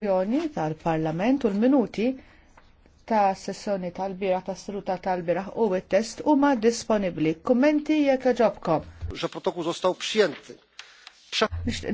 sessjoni tal-Parlament u l-minuti ta' sessjoni tal-bira ta' sruta tal-bira u il-test huma disponibli. Kommenti jekk ġobkom. Że protokół został przyjęty.